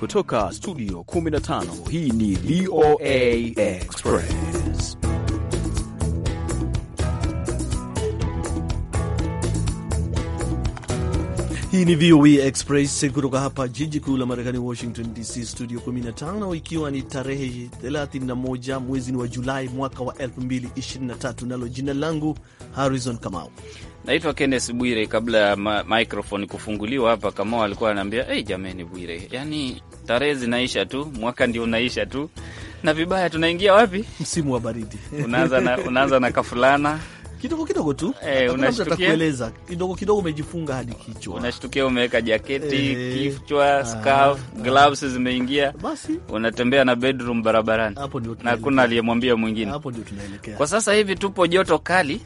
Kutoka studio 15 hii ni VOA Express. Hii ni VOA Express kutoka hapa jiji kuu la Marekani, Washington DC, studio 15, ikiwa ni tarehe 31 mwezi wa Julai mwaka wa 2023, nalo jina langu Harrison Kamau. Naitwa Kennes Bwire. Kabla ya microphone kufunguliwa hapa, Kamau alikuwa anaambia hey, jameni Bwire, yani Tarehe zinaisha tu, mwaka ndio unaisha tu, na vibaya tunaingia wapi? Msimu wa baridi. Unaanza na, unaanza na kafulana kidogo kidogo tu e, unashtukia kidogo kidogo, umejifunga hadi kichwa, unashtukia umeweka jaketi e, kichwa, ah, scarf, ah. gloves zimeingia, basi unatembea na bedroom barabarani, na hakuna aliyemwambia mwingine. Hapo ndio tunaelekea kwa sasa hivi, tupo joto kali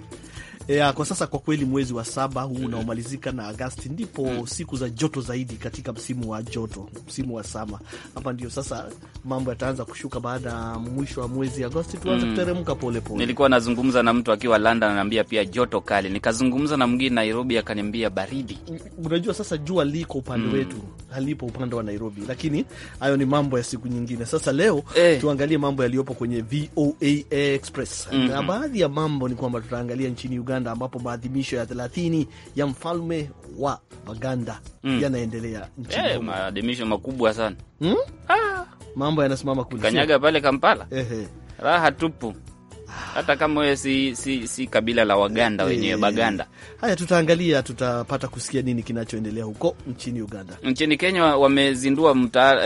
Yeah, eh, kwa sasa kwa kweli mwezi wa saba huu mm. unaomalizika na Agasti ndipo mm. siku za joto zaidi katika msimu wa joto, msimu wa sama. Hapa ndio sasa mambo yataanza kushuka baada ya mwisho wa mwezi Agosti, tuanze mm, kuteremka polepole. Nilikuwa nazungumza na mtu akiwa London ananiambia pia joto kali, nikazungumza na mwingine Nairobi akaniambia baridi. Unajua sasa jua liko upande mm, wetu halipo upande wa Nairobi, lakini hayo ni mambo ya siku nyingine. Sasa leo eh, tuangalie mambo yaliyopo kwenye VOA Express mm -hmm. na baadhi ya mambo ni kwamba tutaangalia nchini Uganda Uganda, ambapo maadhimisho ya 30 ya mfalme wa Baganda mm. yanaendelea nchini hey, eh, maadhimisho makubwa sana hmm? ah. mambo yanasimama kule kanyaga pale Kampala, ehe, raha tupu hata kama wewe si, si, si kabila la Waganda eh, wenyewe Baganda. Haya, tutaangalia tutapata kusikia nini kinachoendelea huko nchini Uganda. Nchini Kenya wamezindua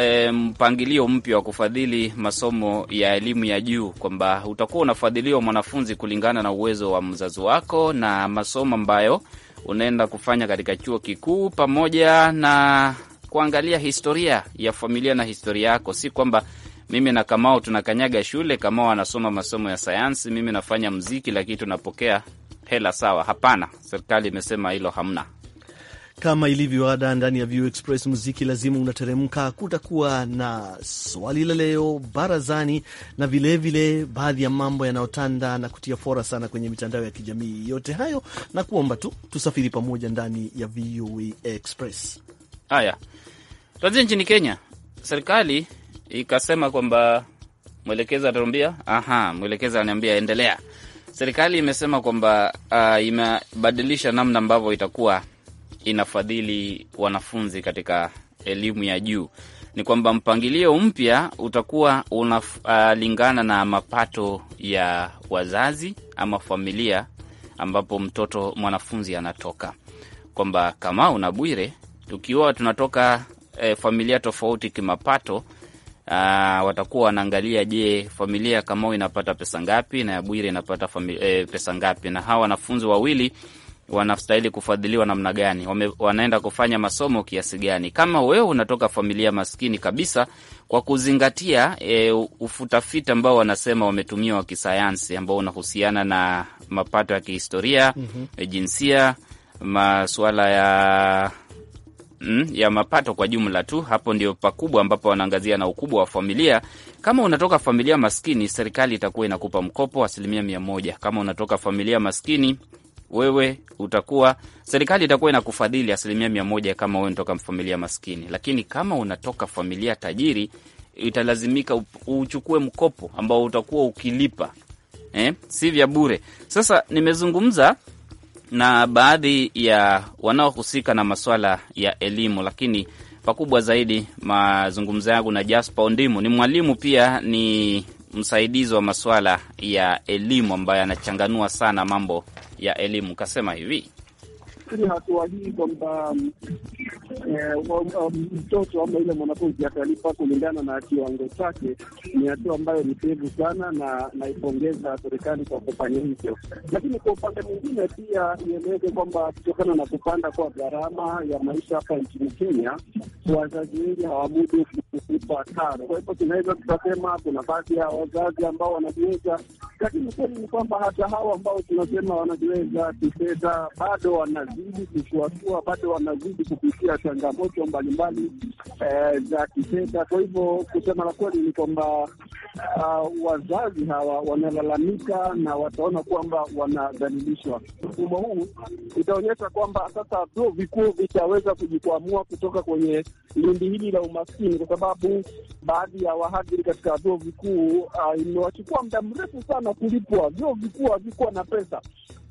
e, mpangilio mpya wa kufadhili masomo ya elimu ya juu kwamba utakuwa unafadhiliwa mwanafunzi kulingana na uwezo wa mzazi wako na masomo ambayo unaenda kufanya katika chuo kikuu pamoja na kuangalia historia ya familia na historia yako, si kwamba mimi na Kamao tunakanyaga shule. Kamao anasoma masomo ya sayansi, mimi nafanya mziki, lakini tunapokea hela sawa? Hapana, serikali imesema hilo hamna. Kama ilivyo ada ndani ya View Express muziki lazima unateremka. Kutakuwa na swali la leo barazani, na vilevile baadhi ya mambo yanayotanda na kutia fora sana kwenye mitandao ya kijamii. Yote hayo na kuomba tu tusafiri pamoja ndani ya VOA Express. Haya, tuanzie nchini Kenya. Serikali ikasema kwamba mwelekezi ataambia Aha, mwelekezi ananiambia endelea. Serikali imesema kwamba uh, imebadilisha namna ambavyo itakuwa inafadhili wanafunzi katika elimu ya juu. Ni kwamba mpangilio mpya utakuwa unalingana uh, na mapato ya wazazi ama familia ambapo mtoto mwanafunzi anatoka, kwamba kama una Bwire, tukiwa tunatoka eh, familia tofauti kimapato aa, ah, watakuwa wanaangalia, je, familia ya Kamau inapata pesa ngapi na ya Bwire inapata e, pesa ngapi, na hawa wanafunzi wawili wanastahili kufadhiliwa namna gani, wame, wanaenda kufanya masomo kiasi gani. Kama wewe unatoka familia maskini kabisa, kwa kuzingatia e, ufutafiti ambao wanasema wametumia wa kisayansi ambao unahusiana na mapato ya kihistoria mm -hmm. jinsia, masuala ya mm, ya mapato kwa jumla tu. Hapo ndio pakubwa ambapo wanaangazia na ukubwa wa familia. Kama unatoka familia maskini, serikali itakuwa inakupa mkopo asilimia mia moja. Kama unatoka familia maskini wewe utakuwa serikali itakuwa inakufadhili asilimia mia moja kama wewe unatoka familia maskini, lakini kama unatoka familia tajiri italazimika uchukue mkopo ambao utakuwa ukilipa eh, si vya bure. Sasa nimezungumza na baadhi ya wanaohusika na masuala ya elimu, lakini pakubwa zaidi mazungumzo yangu na Jaspa Ondimu. Ni mwalimu pia ni msaidizi wa masuala ya elimu ambaye anachanganua sana mambo ya elimu. Kasema hivi nafikiri hatua hii kwamba eh, mtoto ama ile mwanafunzi atalipa kulingana na kiwango chake ni hatua ambayo ni pevu sana, na naipongeza serikali kwa kufanya hivyo. Lakini kwa upande mwingine pia nieleze kwamba kutokana na kupanda kwa gharama ya maisha hapa nchini Kenya, wazazi wengi hawamudu kulipa karo. Kwa hivyo tunaweza tukasema kuna baadhi ya wazazi ambao wanajiweza, lakini ukweli ni kwamba hata hawa ambao tunasema wanajiweza kifedha bado wana wanazidi kusuasua bado wanazidi kupitia changamoto mbalimbali eh, za kifedha. Kwa hivyo kusema la kweli ni kwamba uh, wazazi hawa wanalalamika na wataona kwamba wanadhalilishwa. Mfumo huu itaonyesha kwamba sasa vyuo vikuu vitaweza kujikwamua kutoka kwenye lindi hili la umaskini, kwa sababu baadhi ya wahadhiri katika vyuo vikuu uh, imewachukua muda mrefu sana kulipwa. Vyuo vikuu havikuwa na pesa,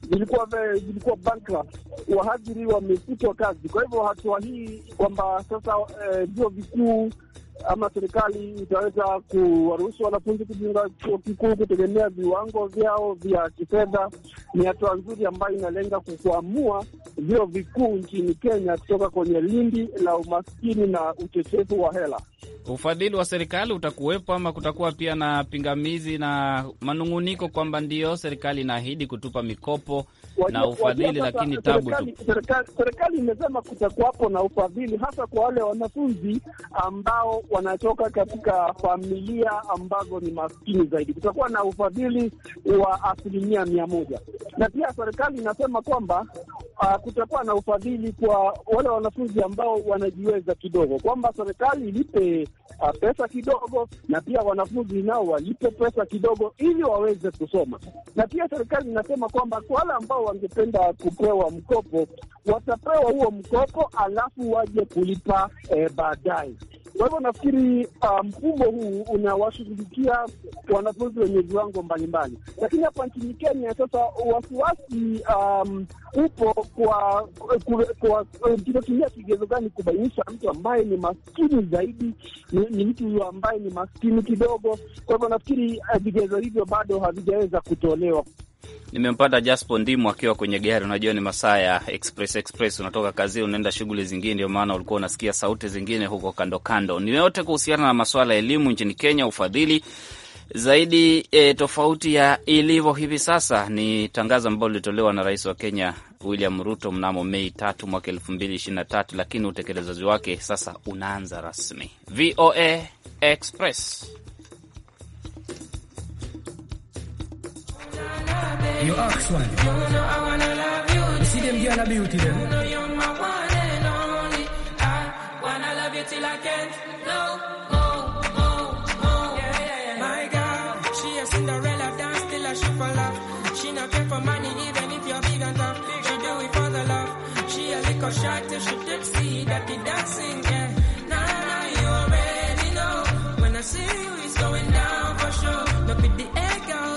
vilikuwa vilikuwa bankrupt, wahadhiri wamefutwa kazi. Kwa hivyo hatua hii kwamba sasa eh, vyuo eh, vikuu ama serikali itaweza kuwaruhusu wanafunzi kujiunga chuo kikuu kutegemea viwango vyao vya kifedha, ni hatua nzuri ambayo inalenga kukwamua vyuo vikuu nchini Kenya kutoka kwenye lindi la umaskini na uchechefu wa hela ufadhili wa serikali utakuwepo ama kutakuwa pia na pingamizi na manung'uniko kwamba ndiyo serikali inaahidi kutupa mikopo wajia, na ufadhili wajia, lakini tabu Serikali imesema kutakuwapo na ufadhili hasa kwa wale wanafunzi ambao wanatoka katika familia ambazo ni maskini zaidi. Kutakuwa na ufadhili wa asilimia mia moja na pia serikali inasema kwamba uh, kutakuwa na ufadhili kwa wale wanafunzi ambao wanajiweza kidogo, kwamba serikali ilipe Uh, pesa kidogo, na pia wanafunzi nao walipe pesa kidogo ili waweze kusoma. Na pia serikali inasema kwamba kwa wale ambao wangependa kupewa mkopo watapewa huo mkopo, alafu waje kulipa eh, baadaye. Kwa hivyo nafikiri ah, mfumo um, huu unawashughulikia wanafunzi wenye viwango mbalimbali, lakini hapa nchini Kenya sasa wasiwasi um, upo kwa kigezo gani kubainisha mtu ambaye ni maskini zaidi ni mtu huyo ambaye ni maskini kidogo. Kwa hivyo nafikiri ah, vigezo uh, hivyo bado havijaweza kutolewa. Nimempata Jaspo Ndimu akiwa kwenye gari. Unajua ni masaa ya express express, unatoka kazi unaenda shughuli zingine, ndio maana ulikuwa unasikia sauti zingine huko kando kando. Ni yote kuhusiana na masuala ya elimu nchini Kenya, ufadhili zaidi e, tofauti ya ilivyo hivi sasa ni tangazo ambalo lilitolewa na rais wa Kenya William Ruto mnamo Mei tatu mwaka elfu mbili ishirini na tatu, lakini utekelezaji wake sasa unaanza rasmi. VOA Express You ask one. You know I wanna love you. You see them girl a beauty them. You know you're my one and only. I wanna love you till I can't no more, more, more. Yeah, yeah, yeah. My girl, she a Cinderella dance till I she fall off. She not care for money even if you're big and tough. She do it for the love. She a little shy till she tipsy that the dancing. Yeah, now now you already know. When I see you, it's going down for sure. Look at the air, girl.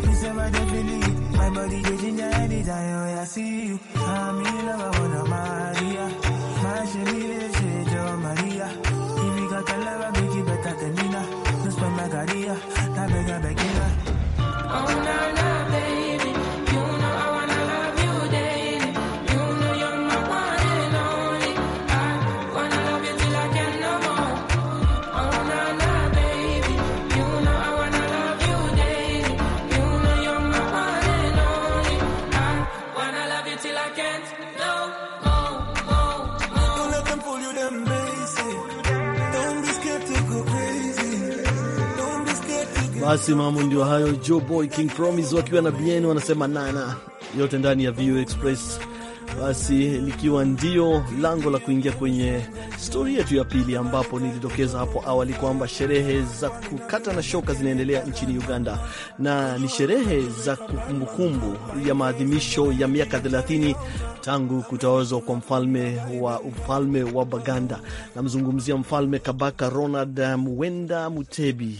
This my definite. My body they ginger anytime I see you. I'm in love, I wanna marry ya. My shimmy, she John Maria. If you got the love, I make it better than Nina. now. Just for my career, i beg, I beg, Oh, no no. Basi mambo ndio hayo. Joe Boy King Promise wakiwa na Bien wanasema nana yote ndani ya VU Express. Basi likiwa ndio lango la kuingia kwenye stori yetu ya pili, ambapo nilitokeza hapo awali kwamba sherehe za kukata na shoka zinaendelea nchini Uganda, na ni sherehe za kumbukumbu ya maadhimisho ya miaka 30 tangu kutawazwa kwa mfalme wa ufalme wa Baganda. Namzungumzia Mfalme Kabaka Ronald eh, Muwenda Mutebi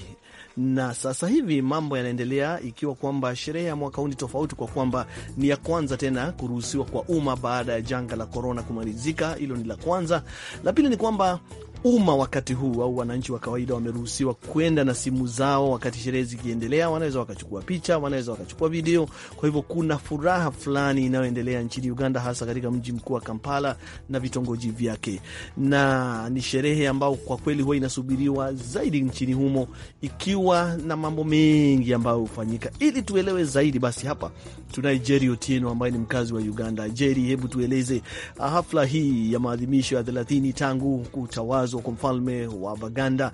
na sasa hivi mambo yanaendelea ikiwa kwamba sherehe ya mwaka huu ni tofauti kwa kwamba ni ya kwanza tena kuruhusiwa kwa umma baada ya janga la korona kumalizika. Hilo ni la kwanza. La pili ni kwamba umma wakati huu au wananchi wa kawaida wameruhusiwa kwenda na simu zao wakati sherehe zikiendelea. Wanaweza wakachukua picha, wanaweza wakachukua video. Kwa hivyo kuna furaha fulani inayoendelea nchini Uganda, hasa katika mji mkuu wa Kampala na vitongoji vyake, na ni sherehe ambayo kwa kweli huwa inasubiriwa zaidi nchini humo, ikiwa na mambo mengi ambayo hufanyika. Ili tuelewe zaidi, basi hapa tunaye Jeri Otieno ambaye ni mkazi wa Uganda. Jeri, hebu tueleze hafla hii ya maadhimisho ya thelathini tangu kutawazwa kutangazwa kwa mfalme wa Baganda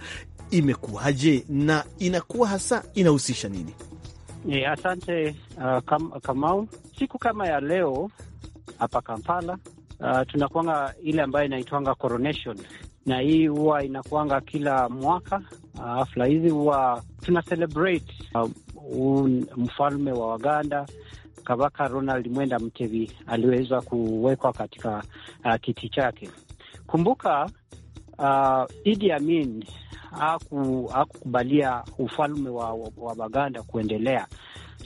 imekuwaje na inakuwa hasa inahusisha nini? Ni asante uh, kam, Kamau. Siku kama ya leo hapa Kampala uh, tunakuanga ile ambayo inaitwanga coronation, na hii huwa inakuanga kila mwaka uh, hafla uh, hizi huwa tuna celebrate uh, un, mfalme wa Waganda Kabaka Ronald Mwenda Mtevi aliweza kuwekwa katika uh, kiti chake. Kumbuka Uh, Idi Amin hakukubalia ufalme wa, wa Baganda kuendelea,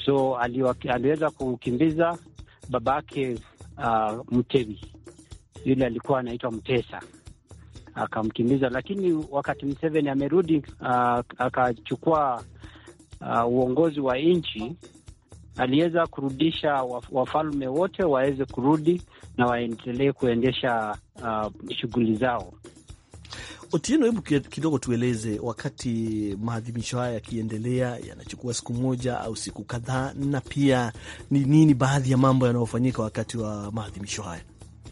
so aliweza kukimbiza babake uh, Mtewi yule alikuwa anaitwa Mtesa akamkimbiza, lakini wakati Mseveni amerudi uh, akachukua uh, uongozi wa nchi aliweza kurudisha wafalme wote waweze kurudi na waendelee kuendesha uh, shughuli zao. Otieno, hebu kidogo tueleze, wakati maadhimisho haya yakiendelea, yanachukua siku moja au siku kadhaa, na pia ni nini baadhi ya mambo yanayofanyika wakati wa maadhimisho haya?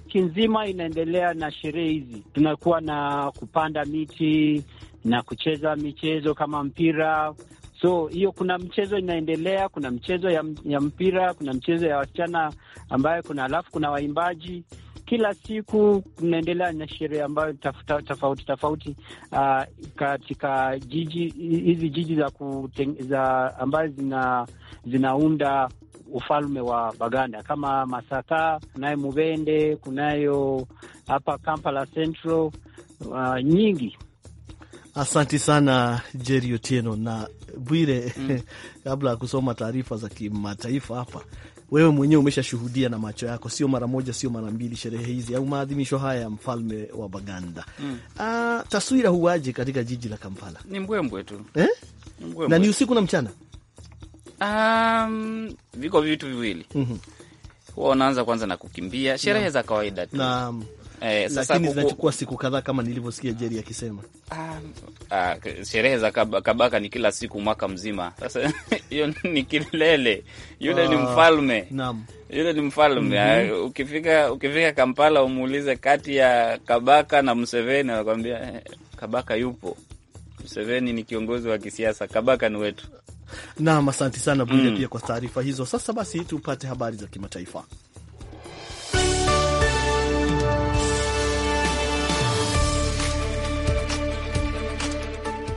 Wiki nzima inaendelea na sherehe hizi, tunakuwa na kupanda miti na kucheza michezo kama mpira. So hiyo kuna mchezo inaendelea, kuna mchezo ya, ya mpira, kuna mchezo ya wasichana ambayo kuna, alafu kuna waimbaji kila siku kunaendelea na sherehe ambayo tafuta, tofauti tofauti uh, katika jiji hizi jiji za, za ambazo zina, zinaunda ufalme wa Baganda kama Masaka, kunayo Mubende, kunayo hapa Kampala Central uh, nyingi. Asanti sana Jeri Otieno na Bwire. Mm. kabla ya kusoma taarifa za kimataifa hapa wewe mwenyewe umeshashuhudia na macho yako, sio mara moja, sio mara mbili, sherehe hizi au maadhimisho haya ya mfalme wa Baganda mm. Ah, taswira huwaje katika jiji la Kampala? Ni mbwembwe tu eh? Ni mbwe. Na ni usiku na mchana um, viko vitu viwili mm -hmm. Huwa unaanza kwanza na kukimbia sherehe za kawaida tu. Naam. Eh, sasa lakini zinachukua siku kadhaa kama nilivyosikia jeri akisema. Ah, ah sherehe za Kabaka ni kila siku mwaka mzima. Sasa hiyo ni kilele, yule ah, ni mfalme. Naam. Yule ni mfalme. Mm -hmm. Ukifika ukifika Kampala umuulize kati ya Kabaka na Museveni anakuambia eh, Kabaka yupo. Museveni ni kiongozi wa kisiasa, Kabaka ni wetu. Naam, asante sana Bwile, mm, pia kwa taarifa hizo. Sasa basi tupate habari za kimataifa.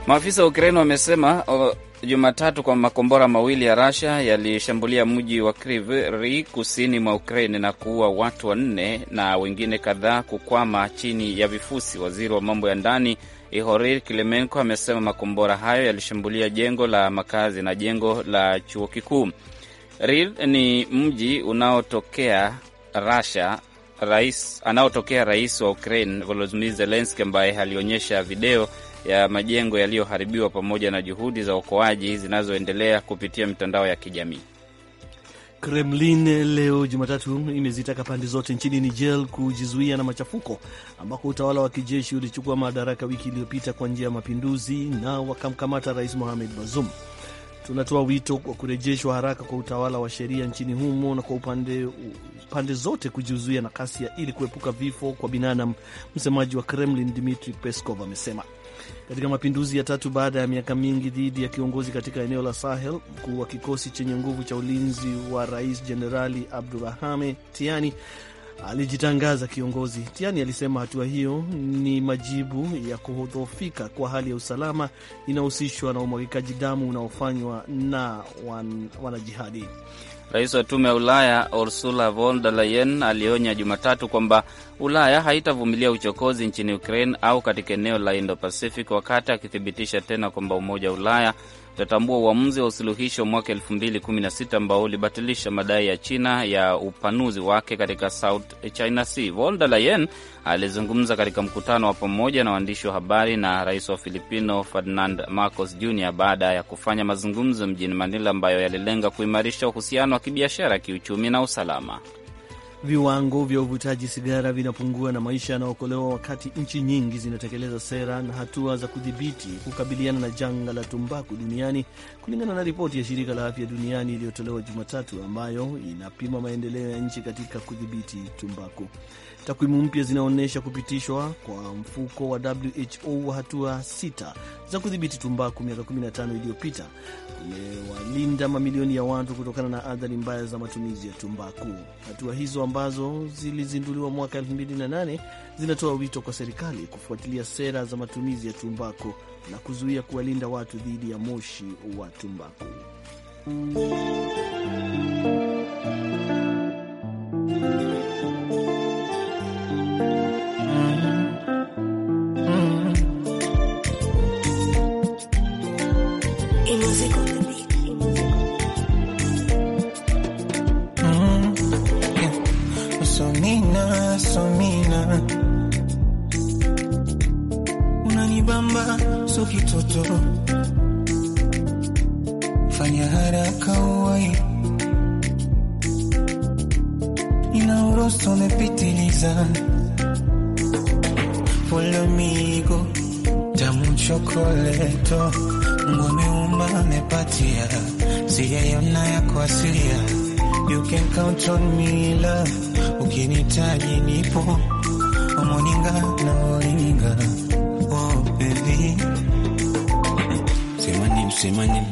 Maafisa wa Ukraini wamesema uh, Jumatatu kwamba makombora mawili ya Rasha yalishambulia mji wa Kryvyi kusini mwa Ukraini na kuua watu wanne na wengine kadhaa kukwama chini ya vifusi. Waziri wa mambo ya ndani ihori klemenko amesema makombora hayo yalishambulia jengo la makazi na jengo la chuo kikuu. Rir ni mji unaotokea Rasha rais anaotokea rais wa Ukraine Volodymyr Zelensky ambaye alionyesha video ya majengo yaliyoharibiwa pamoja na juhudi za uokoaji zinazoendelea kupitia mitandao ya kijamii. Kremlin leo Jumatatu imezitaka pande zote nchini Niger kujizuia na machafuko ambako utawala wa kijeshi ulichukua madaraka wiki iliyopita kwa njia ya mapinduzi na wakamkamata Rais Mohamed Bazoum. Tunatoa wito kwa kurejeshwa haraka kwa utawala wa sheria nchini humo na kwa upande, pande zote kujizuia na ghasia ili kuepuka vifo kwa binadamu, msemaji wa Kremlin Dmitri Peskov amesema katika mapinduzi ya tatu baada ya miaka mingi dhidi ya kiongozi katika eneo la Sahel. Mkuu wa kikosi chenye nguvu cha ulinzi wa rais Jenerali Abdurahame Tiani alijitangaza kiongozi. Tiani alisema hatua hiyo ni majibu ya kudhoofika kwa hali ya usalama inayohusishwa na umwagikaji damu unaofanywa na wan, wanajihadi. Rais wa tume ya Ulaya Ursula von der Leyen alionya Jumatatu kwamba Ulaya haitavumilia uchokozi nchini Ukraine au katika eneo la Indo Pacific, wakati akithibitisha tena kwamba Umoja wa Ulaya utatambua uamuzi wa usuluhisho mwaka 2016 ambao ulibatilisha madai ya China ya upanuzi wake katika South China Sea. Von der Leyen alizungumza katika mkutano wa pamoja na waandishi wa habari na rais wa Filipino Ferdinand Marcos Jr baada ya kufanya mazungumzo mjini Manila ambayo yalilenga kuimarisha uhusiano wa kibiashara, kiuchumi na usalama viwango vya uvutaji sigara vinapungua na maisha yanaokolewa, wakati nchi nyingi zinatekeleza sera na hatua za kudhibiti kukabiliana na janga la tumbaku duniani, kulingana na ripoti ya shirika la afya duniani iliyotolewa Jumatatu, ambayo inapima maendeleo ya nchi katika kudhibiti tumbaku. Takwimu mpya zinaonyesha kupitishwa kwa mfuko wa WHO wa hatua sita za kudhibiti tumbaku miaka 15 iliyopita kumewalinda mamilioni ya watu kutokana na athari mbaya za matumizi ya tumbaku. Hatua hizo ambazo zilizinduliwa mwaka 2008 zinatoa wito kwa serikali kufuatilia sera za matumizi ya tumbaku na kuzuia kuwalinda watu dhidi ya moshi wa tumbaku. inaorosa umepitiliza, polomigo tamu chokoleto, Mungu ameumba amepatia, sijaiona yako asilia, you can count on me love, ukinitaji nipo omoninga na oh baby semanim semanim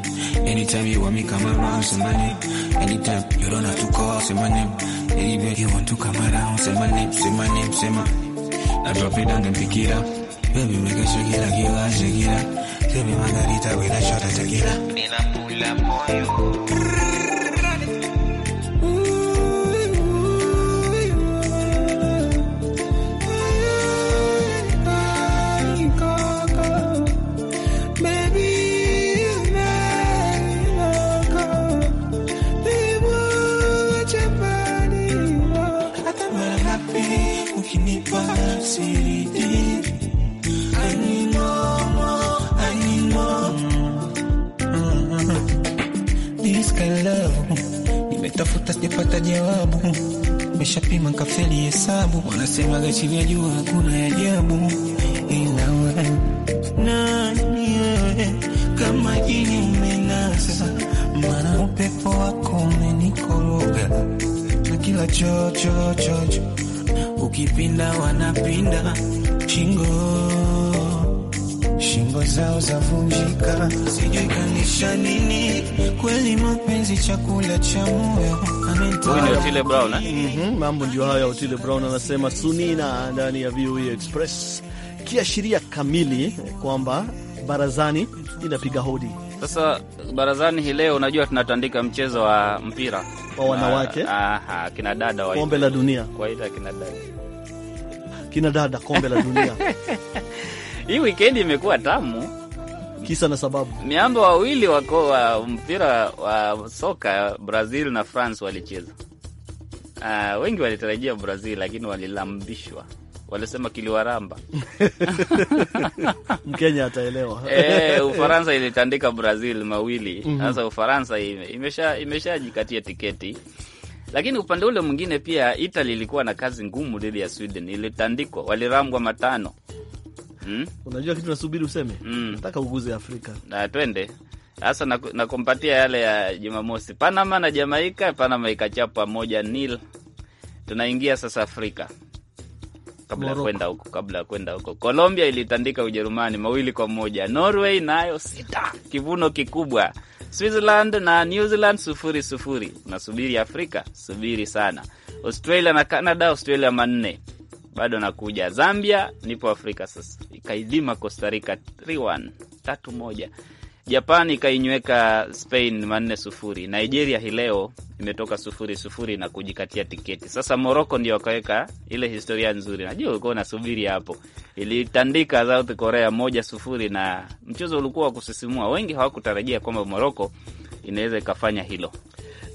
anytime you want me come around semanim anytime you don't have to call semanim If you want to come around, say my name, say my name, say my Now drop it down and pick it up. Baby, make a shake it up, give a shake it up. Tell margarita with a shot of tequila. Nina pull up nishapima nkafeli hesabu, wanasema gachi vya jua hakuna ajabu, ila wewe nani wewe, kama jini umenasa, mara upepo wako umenikoroga na kila cho, cho, ukipinda wanapinda shingo ndoto zao zavunjika, sijui kanisha nini kweli, mapenzi chakula cha moyo. Otile Brown eh? mhm, mambo ndio hayo. Otile Brown anasema sunina ndani ya VOA e Express, kiashiria kamili kwamba barazani inapiga hodi. Sasa barazani hii leo, unajua tunatandika mchezo wa mpira wa wanawake, aha, kina dada wa kombe la dunia, kwa hiyo kina dada, kina dada kombe la dunia Hii wikendi imekuwa tamu, kisa na sababu, miamba wawili wako wa mpira wa soka Brazil na France walicheza. Uh, wengi walitarajia Brazil lakini walilambishwa walisema kiliwaramba. Mkenya ataelewa. E, Ufaransa ilitandika Brazil mawili mhm. sasa. mm -hmm. Ufaransa imesha imeshajikatia tiketi, lakini upande ule mwingine pia Italy ilikuwa na kazi ngumu dhidi ya Sweden, ilitandikwa, walirambwa matano mm. Unajua kitu nasubiri useme mm. Nataka uguze Afrika na twende sasa nakumpatia na yale ya Jumamosi, Panama na Jamaika. Panama ikachapa moja nil. Tunaingia sasa Afrika kabla ya kwenda huko, kabla ya kwenda huko, Colombia ilitandika Ujerumani mawili kwa moja. Norway nayo sita, kivuno kikubwa. Switzerland na New Zealand sufuri sufuri. Nasubiri Afrika, subiri sana. Australia na Canada, Australia manne bado nakuja. Zambia nipo Afrika sasa ikaidhima Costa Rica 3-1 tatu moja. Japan ikainyweka Spain manne sufuri. Nigeria hii leo imetoka sufuri sufuri na kujikatia tiketi. Sasa moroco ndio wakaweka ile historia nzuri, najua ulikuwa unasubiri hapo. Ilitandika South Korea moja sufuri, na mchezo ulikuwa wa kusisimua. Wengi hawakutarajia kwamba moroco inaweza ikafanya hilo.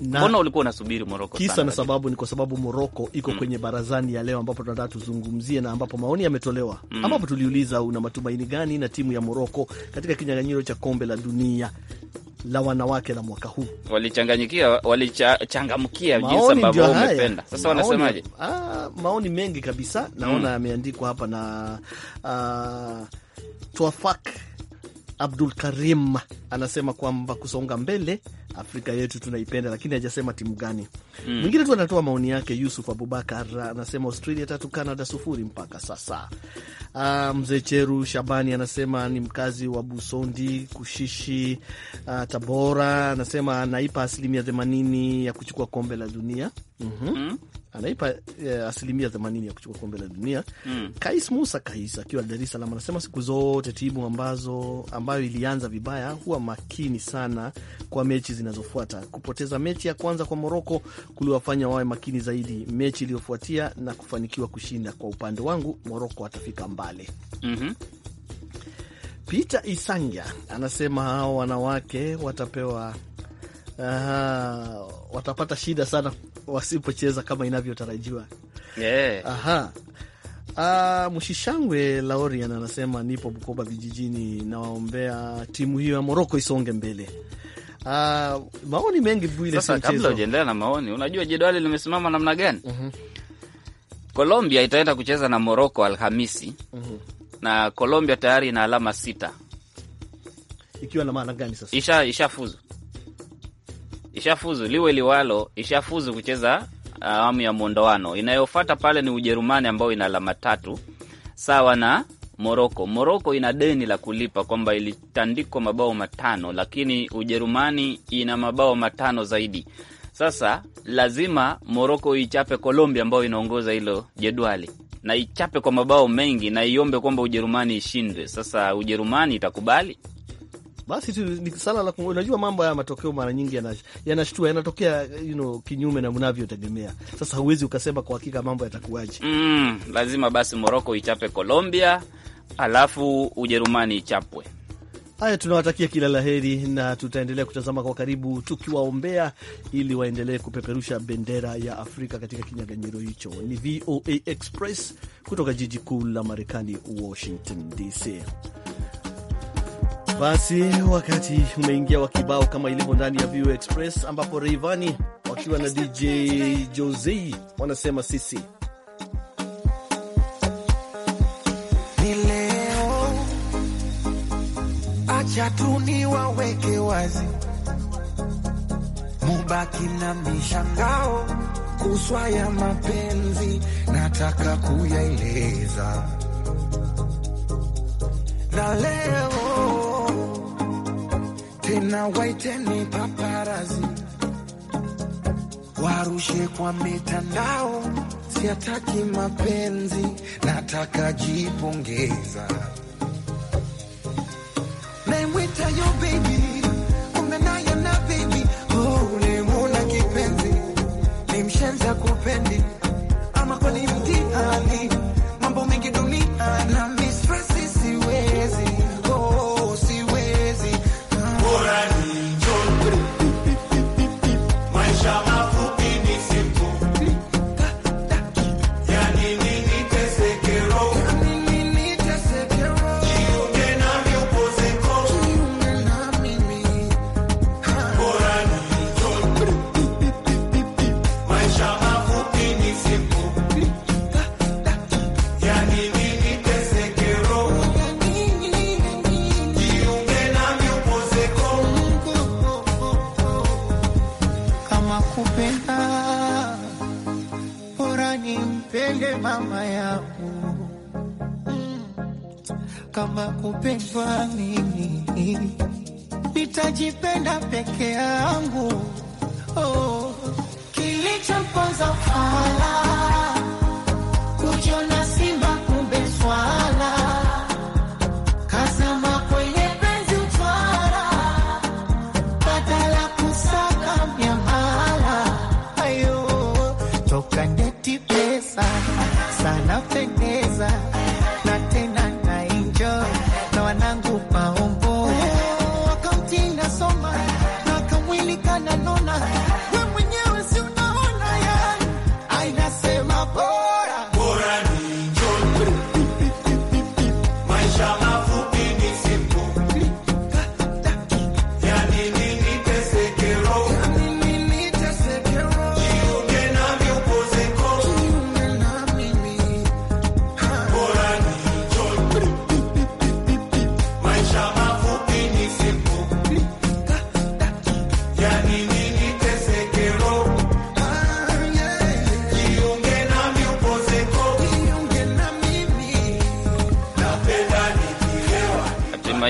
Mbona ulikuwa unasubiri Moroko? Kisa sana na sababu ni kwa sababu Moroko iko mm. kwenye barazani ya leo, ambapo tunataka tuzungumzie na ambapo maoni yametolewa mm. ambapo tuliuliza una matumaini gani na timu ya Moroko katika kinyang'anyiro cha kombe la dunia la wanawake la mwaka huu. Walichanganyikia, walichangamkia jinsi ambavyo umependa. Sasa wanasemaje? Ah, maoni mengi kabisa naona mm. yameandikwa hapa na uh, ah, Twafak Abdul Karim anasema kwamba kusonga mbele Afrika yetu tunaipenda, lakini hajasema timu gani. Hmm. Mwingine mm. tu anatoa maoni yake. Yusuf Abubakar anasema Australia tatu Canada sufuri mpaka sasa. Uh, mzee Cheru Shabani anasema ni mkazi wa Busondi Kushishi, uh, Tabora. Anasema anaipa asilimia themanini ya kuchukua kombe la dunia. mm -hmm. mm. anaipa uh, asilimia themanini ya kuchukua kombe la dunia. mm. Kais Musa Kais akiwa Dar es Salaam anasema siku zote timu ambazo ambayo ilianza vibaya huwa makini sana kwa mechi zinazofuata. Kupoteza mechi ya kwanza kwa Moroko kuliwafanya wawe makini zaidi mechi iliyofuatia na kufanikiwa kushinda. Kwa upande wangu, Moroko atafika mbali. mm -hmm. Peter Isanga anasema hao wanawake watapewa uh, watapata shida sana wasipocheza kama inavyotarajiwa. Yeah. Aha. Ah, Mshishangwe Laurian anasema nipo Bukoba vijijini, nawaombea timu hiyo ya Moroko isonge mbele. Uh, maoni mengi Bwile, sasa kabla hujaendelea na maoni, unajua jedwali limesimama namna gani? Mhm. Colombia itaenda kucheza na Morocco Alhamisi. Mhm. na Colombia tayari ina alama sita, ikiwa na maana gani sasa? Isha, ishafuzu ishafuzu liwe liwalo, ishafuzu kucheza ah, awamu uh, ya mwondoano. inayofata pale ni Ujerumani ambayo ina alama tatu sawa na Moroko. Moroko ina deni la kulipa kwamba ilitandikwa mabao matano, lakini Ujerumani ina mabao matano zaidi. Sasa lazima Moroko ichape Colombia ambayo inaongoza hilo jedwali na ichape kwa mabao mengi na iombe kwamba Ujerumani ishindwe. Sasa Ujerumani itakubali? basi tu ni sala la unajua, mambo haya matokeo mara nyingi yanashtua, yanatokea you know, kinyume na mnavyotegemea. Sasa huwezi ukasema kwa hakika mambo yatakuwaje. Mm, lazima basi Moroko ichape Colombia, alafu Ujerumani ichapwe. Haya, tunawatakia kila la heri na tutaendelea kutazama kwa karibu, tukiwaombea ili waendelee kupeperusha bendera ya Afrika katika kinyang'anyiro hicho. Ni VOA Express kutoka jiji kuu la Marekani, Washington DC. Basi wakati umeingia wa kibao kama ilivyo ndani ya View Express, ambapo Reivani wakiwa na DJ Jose wanasema sisi ni leo, acha tu ni waweke wazi, mubaki na mishangao kuswa ya mapenzi, nataka kuyaeleza na leo tena waiteni paparazi warushe kwa mitandao, siataki mapenzi, nataka jipongeza. Naimwita yo baby, kumbe naye na baby, oh, ulimuna kipenzi, ni mshenza kupendi, ama ni mtihani, mambo mengi duniani kama kupendwa mimi nitajipenda peke yangu. Oh, kilichomponza falaa nikalikana nona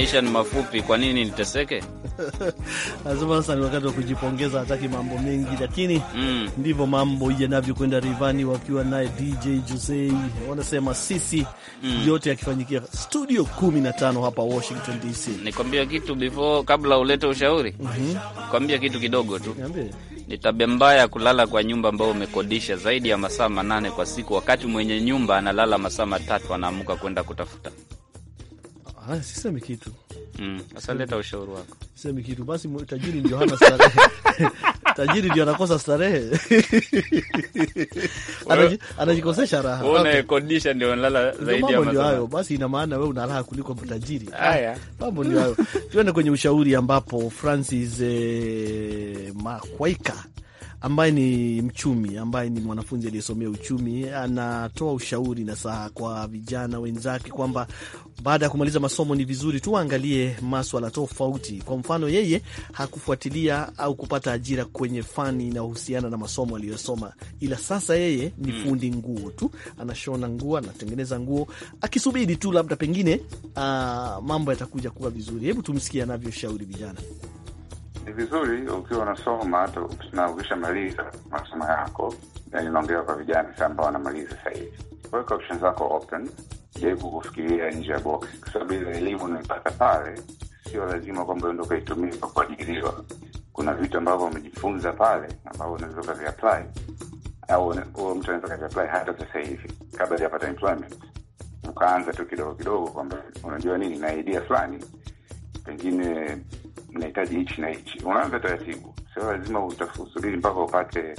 maisha ni mafupi, kwa nini niteseke? Lazima sasa ni wakati wa kujipongeza, hataki mambo mengi, lakini mm, ndivyo mambo yanavyokwenda rivani, wakiwa naye DJ Jusei wanasema sisi mm, yote yakifanyikia studio 15 hapa Washington DC. Nikwambia kitu before, kabla ulete ushauri mm -hmm. Kwambia kitu kidogo tu Niambie. Ni tabia mbaya ya kulala kwa nyumba ambayo umekodisha zaidi ya masaa manane kwa siku, wakati mwenye nyumba analala masaa matatu, anaamka kwenda kutafuta Ah, sisemi kitu. Mm. Sasa leta ushauri wako. Sisemi kitu basi, tajiri ndio hana starehe. Tajiri ndio anakosa starehe. Anajikosesha raha. Wewe ndio unalala zaidi ya mambo hayo. Basi ina maana wewe unalala kuliko mtajiri. Haya. Mambo ndio hayo. Tuende kwenye ushauri ambapo Francis eh, Makwaika ambaye ni mchumi, ambaye ni mwanafunzi aliyesomea uchumi, anatoa ushauri na saha kwa vijana wenzake kwamba baada ya kumaliza masomo ni vizuri tu waangalie maswala tofauti. Kwa mfano, yeye hakufuatilia au kupata ajira kwenye fani inayohusiana na masomo aliyosoma, ila sasa yeye ni hmm. fundi nguo tu, anashona nguo, anatengeneza nguo, akisubiri tu labda pengine, uh, mambo yatakuja kuwa vizuri. Hebu tumsikie anavyoshauri vijana vizuri ukiwa unasoma hata na ukishamaliza masomo yako, yani naongea kwa vijana sasa ambao wanamaliza sasa hivi, weka options zako open, jaribu kufikiria nje ya box, kwa sababu ile elimu unaipata pale sio lazima kwamba ndo ukaitumia kwa kuajiriwa. Kuna vitu ambavyo umejifunza pale ambavyo unaweza ukaviapply, au huo mtu anaweza ukaviapply hata sasa hivi kabla hajapata employment, ukaanza tu kidogo kidogo, kwamba unajua nini na idea fulani pengine unahitaji hichi na hichi, unaanza taratibu, sio lazima utasubiri mpaka upate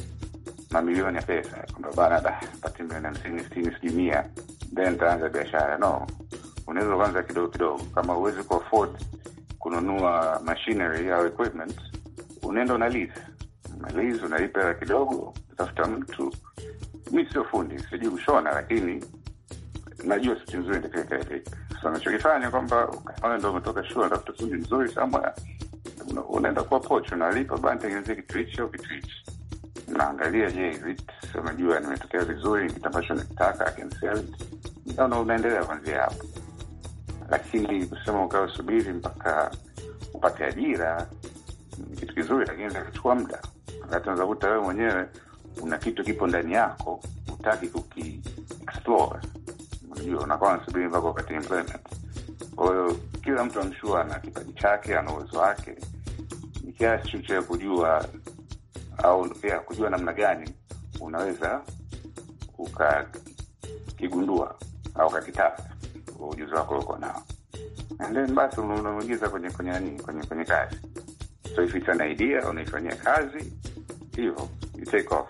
mamilioni ya pesa, kwamba bana da pate milioni hamsini sitini sijui mia then taanza biashara. No, unaweza kuanza kidogo kidogo. Kama huwezi ku afford kununua machinery au equipment, unaenda una lease, una lease, unalipa hela kidogo, tafuta mtu. Mi sio fundi, sijui kushona, lakini najua siti nzuri ndio kile so, nachokifanya kwamba kama ndo umetoka shule, tafuta fundi mzuri somewhere unaenda kwa pochi, unalipa bana, tengenezea kitu hichi au kitu hichi. Unaangalia, je, unajua nimetokea vizuri, kitu ambacho nakitaka ana, unaendelea kwanzia hapo. Lakini kusema ukawa subiri mpaka upate ajira kitu kizuri, lakini itachukua muda. Wakati unaweza kuta wewe mwenyewe una kitu kipo ndani yako, utaki kuki explore, unajua unakuwa unasubiri mpaka wakati employment. Kwa hiyo kila mtu amshua ana kipaji chake, ana uwezo wake kiasi cha kujua au ya kujua namna gani unaweza ukakigundua au ukakitapa kwa ujuzi wako uko nao, and then basi unaingiza kwenye kwenye nani kwenye kwenye kazi. So if it's an idea unaifanyia kazi hivyo, you take off.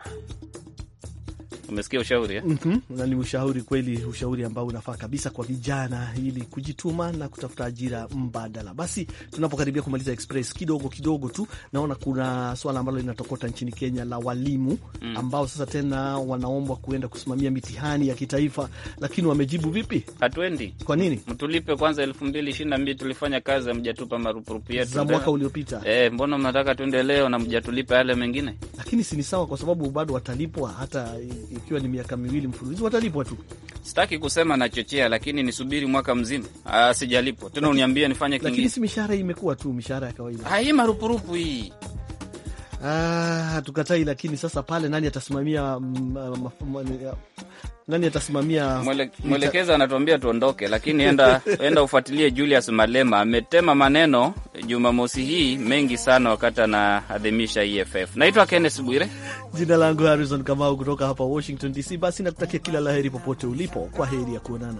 Umesikia ushauri eh? mm -hmm. Na ni ushauri kweli, ushauri ambao unafaa kabisa kwa vijana ili kujituma na kutafuta ajira mbadala. Basi tunapokaribia kumaliza Express, kidogo kidogo tu naona kuna swala ambalo linatokota nchini Kenya la walimu mm. ambao sasa tena wanaombwa kuenda kusimamia mitihani ya kitaifa, lakini wamejibu vipi? Hatuendi. Kwa nini? Mtulipe kwanza elfu mbili ishirini na mbili tulifanya kazi, amjatupa marupurupu yetu za mwaka uliopita. E, mbona mnataka tuende leo na mjatulipe yale mengine? Lakini si ni sawa, kwa sababu bado watalipwa hata ikiwa ni miaka miwili mfululizo, watalipwa tu. Sitaki kusema nachochea, lakini nisubiri mwaka mzima ah, sijalipwa tena, uniambie nifanye kingine. Lakini si mishahara imekuwa tu mishahara ya kawaida, ah, hii marupurupu hii Ah, tukatai. Lakini sasa pale nani atasimamia mm, ah, nani atasimamia? Mwelekezi anatuambia tuondoke, lakini enda, enda ufuatilie. Julius Malema ametema maneno Jumamosi hii mengi sana wakati anaadhimisha EFF. Naitwa Kenneth Bwire, jina langu Harrison Kamau kutoka hapa Washington DC. Basi nakutakia kila laheri popote ulipo, kwa heri ya kuonana.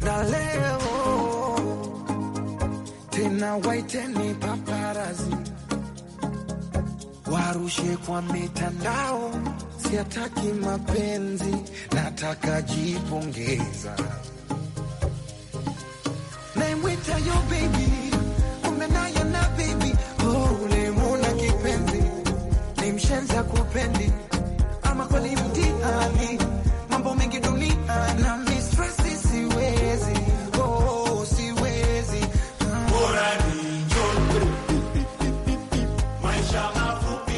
na leo tena waiteni paparazi warushe kwa mitandao. Siataki mapenzi, nataka jipongeza. Naimwita yo baby, umenaya na baby oh, ulemuna kipenzi, ni mshenza kupendi ama kwani mtihani